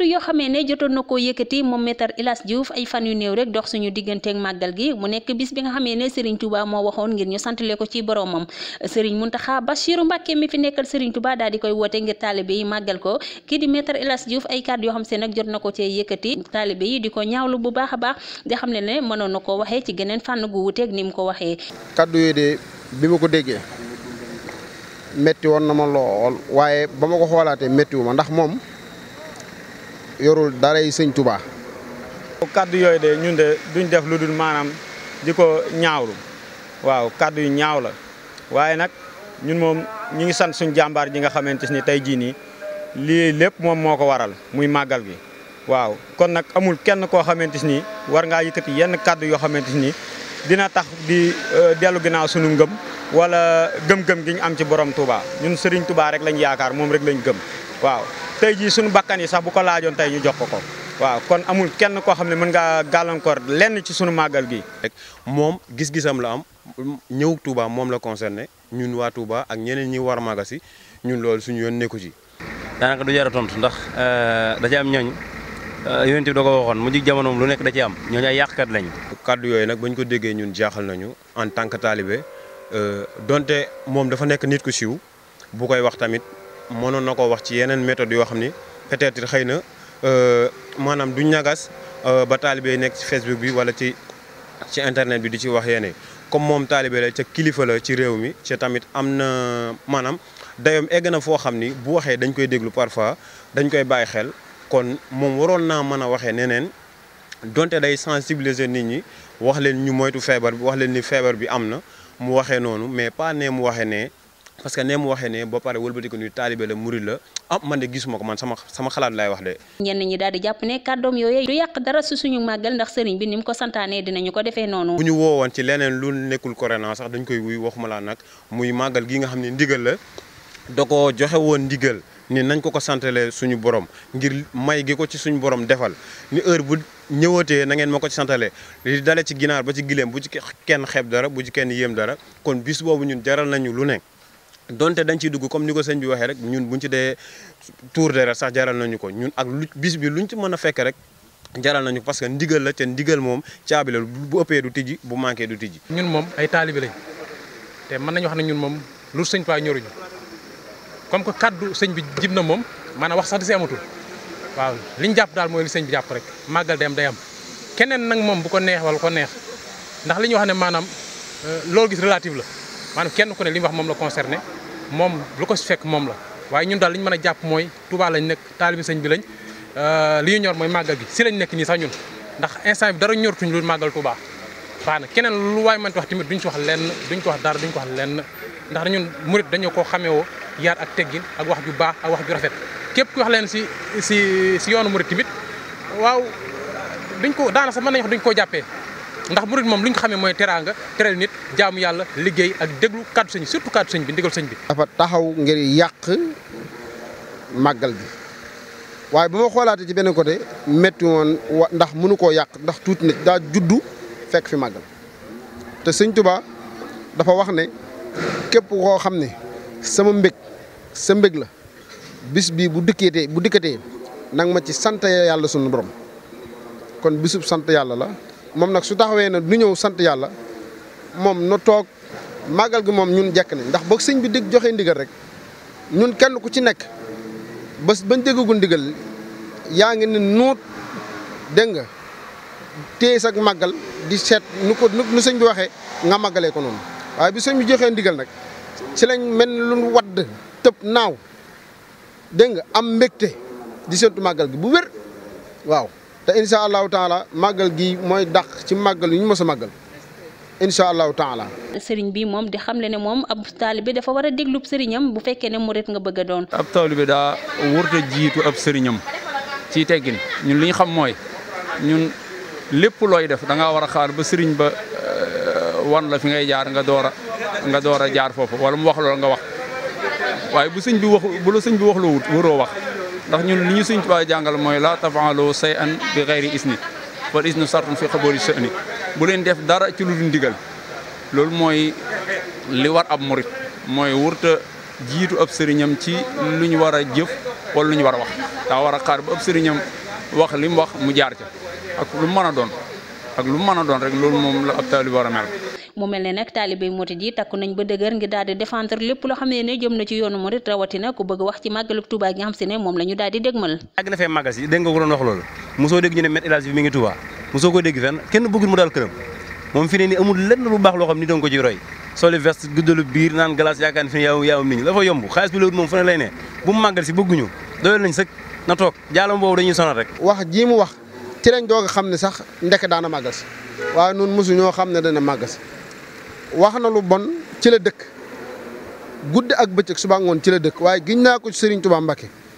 kaddu yoo xamee ne jotoon na koo yëkkati moom Maître El Hadji ay fan yu néew rek dox suñu gi mu nekk bis bi nga xamee ne Serigne Touba moo waxoon ngir ñu santale ko ci boromam Serigne Mountakha Bassirou Mbacké mi fi nekkal Serigne Touba daal di koy woote ngir taalibe yi màggal ko kii di Maître El Hadji Diouf ay kaddu yoo xam se nag jot na ko cee yëkkati taalibe yi di ko ñaawlu bu baax a baax di xam ne ne mënoon na ko waxee ci geneen fànn gu wuteeg ni mu ko waxee kaddu yooyu de bi ma ko déggee métti woon na ma lool waaye ba ma ko xoolaatee méttiwu ma ndax moom yorul dara yi sëñ Touba. kaddu yooyu de ñun de duñ def lu dul maanaam di ko ñaawlu waaw kàddu yu ñaaw la waaye nag ñun moom ñu ngi sant suñu jàmbaar ji nga xamante ni tey jii nii lii lépp moom moo ko waral muy màggal bi waaw kon nag amul kenn koo xamante ni war ngaa yëkkati yenn kàddu yoo xamante ni dina tax di euh, dellu ginnaaw suñu ngëm wala gëm-gëm gi ñu am ci borom Touba ñun Serigne Touba rek lañ yaakaar moom rek lañu gëm waaw. tey jii suñu bakkan yi sax bu ko laajoon tey ñu jox ko ko waaw kon amul kenn koo xam ne mën ngaa gàllankoor lenn ci suñu màggal gi moom gis-gisam la am ñëw tuuba moom la concerné ñun waa Touba ak ñeneen ñi war màggal si ñun loolu suñu yoon nekku ci daanaka du jar tontu ndax euh, da ci am ñooñ euh, yonent bi ko ko mu mujj jamonoom lu nekk da ci am ñooñu ay yàqkat lañ kàddu yooyu nag bañ ko déggee ñun jaaxal nañu en tant que taalibe euh, donte moom dafa nekk nit ku siiw bu koy wax tamit mënoon na ko wax ci yeneen méthode yoo xam ni peut-être xëy na euh, maanaam du ñagas euh, ba taalibe nekk ci Facebook bi wala ci ci internet bi di ci wax yeneen comme moom taalibe la ca kilifa la ci réew mi ca tamit am na maanaam dayoom egg na foo xam ni bu waxee dañ koy déglu parfois dañ koy bàyyi xel kon moom waroon naa mën a waxee neneen donte day sensibiliser nit ñi wax leen ñu moytu feebar bi wax leen ni feebar bi am na mu waxee noonu mais pas ne mu waxee ne. parce que nee mu waxee ne ba pare wëlbatiku ni taalibe la murid la ah man de gisuma ko man sama sama xalaat laay wax de. ñenn ñi daal di jàpp ne kàddoom yooyu du yàq dara su suñu ndax sëriñ ni mu ko santaanee dinañu ko defee noonu. bu ñu woowoon ci leneen lu nekkul corona sax dañ koy wuy waxuma laa nag muy màggal gii nga xam ne ndigal la da ko joxe woon ndigal ni nañ ko ko santale suñu borom ngir may gi ko ci suñu borom defal ni heure bu ñëwatee na ngeen ma ko ci santale li dale ci ginaar ba ci gileem bu ci kenn xeeb dara bu ci kenn yéem dara kon bis boobu ñun jaral nañu lu ne donte dañ ciy dugg comme ni ko sëñ bi waxee rek ñun buñ ci dee tour deret sax jaral nañu ko ñun ak bis bi luñ ci mën a fekk rek jaral nañu ko parce que ndigal la te ndigal moom caabi la bu ëppee du tijji bu manqué du tijji. ñun moom ay taalibe lañ te mën nañu wax ne ñun moom lu sëñ Tuubaa ñoruñu comme que kaddu sëñ bi jib na moom maanaam wax sax di waaw li ñu jàpp daal mooy li sëñ bi jàpp rek màggal dem day am keneen nag moom bu ko neex wala ko neex ndax li ñu wax ne maanaam euh, loolu gis relative la maanaam kenn ku ne li mu wax moom la concerné. moom lu ko si fekk moom la waaye ñun daal li ñu mën a jàpp mooy Touba lañ nekk taalibi sëñ bi lañ euh, li ñu ñor mooy màggal bi si lañ nekk nii sax ñun ndax instant bi dara ñortuñ lu màggal Touba baax na keneen lu waay mënti wax tamit duñ ci wax lenn duñ ko wax dara duñ ko wax lenn ndax ñun murit dañoo koo xamewoo yaar ak teggin ak wax ju baax ak wax ju rafet képp ku wax leen si si si yoonu murit tamit waaw duñ ko daana sax mën nañ wax duñ koo jàppee ndax murid moom li ñu xamee mooy teraanga tereel nit jaamu yàlla liggéey ak déglu kàddu sëñ surtout kàddu sëñ bi ndigal sëñ bi. dafa taxaw ngir yàq màggal bi waaye bu ma xoolaatee ci benn côté métti woon wa ndax mënu koo yàq ndax tuuti nit daa juddu fekk fi màggal te sëñ Tuubaa dafa wax ne képp koo xam ne sama mbég sa mbég la bis bii bu dikkatee bu dikkatee nag ma ci sant yàlla sunu borom kon bisub sant yàlla la. moom nag su taxawee na du ñëw sant yàlla moom na toog màggal gi moom ñun jekk nañ ndax ba sëñ bi dig joxe ndigal rek ñun kenn ku ci nekk ba bañ déggagul ndigal yaa ngi ne dégg nga téye sa màggal di seet nu ko nu sëñ bi waxee nga màggale ko noonu waaye bi sëñ bi joxe ndigal nag ci lañ mel ni lu wadd tëb naaw dégg nga am mbégte di seentu màggal gi bu wér waaw te incha allahu taala màggal gi mooy dàq ci màggal yu ñu mës a màggal incha allahu taala. sëriñ bi moom di xamle ne moom ab taalibe dafa war a déglub sëriñam bu fekkee ne ret nga bëgg a doon. ab taalibe daa wërta jiitu ab sëriñam ci teggin ñun li ñu xam mooy ñun lépp looy def da war a xaar ba sëriñ ba euh, wan la fi ngay jaar nga door a nga door a jaar foofu wala mu wax loolu nga wax waaye bu sëñ bi wax bu la bi wax loo wut waroo wax. ndax ñun li ñu Sëriñ Tuubaa jàngal mooy la tafaalu shay'an bi ni isni wal isnu sartun fi xabaari sha'ni bu leen def dara ci lu dul ndigal loolu mooy li war ab murit mooy wurta jiitu ab sëriñam ci lu ñu war a jëf wal lu ñu war a wax daa war a xaar ba ab sëriñam wax li mu wax mu jaar ca ak lu mën a doon ak lu mën a doon rek loolu moom la ab taalibe war a mel mu mel ne nag taalibe murid yi takku nañ ba dëgër ngir daal di lépp loo xam ne ne jëm na ci yoonu murid rawatina ku bëgg wax ci màggalu Touba gi nga xam si ko mu daal këram moom fi ne ni amul lenn lu baax loo xam ni doon ko ci roy soli veste guddalu biir naan glace yaakaar ne fi ne yaa yaawam nit ñi dafa yomb xaalis bi loolu moom fu ne lay ne bu mu màggal bëgguñu dooleel nañ sëkk na toog jaalam boobu dañuy sonal rek wax jii mu wax ci doog a xam ne sax ndek daana si wax na lu bon ci la dëkk guddi ak bëccëg suba ngoon ci la dëkk waaye giñ naa ko Serigne Touba Mbacké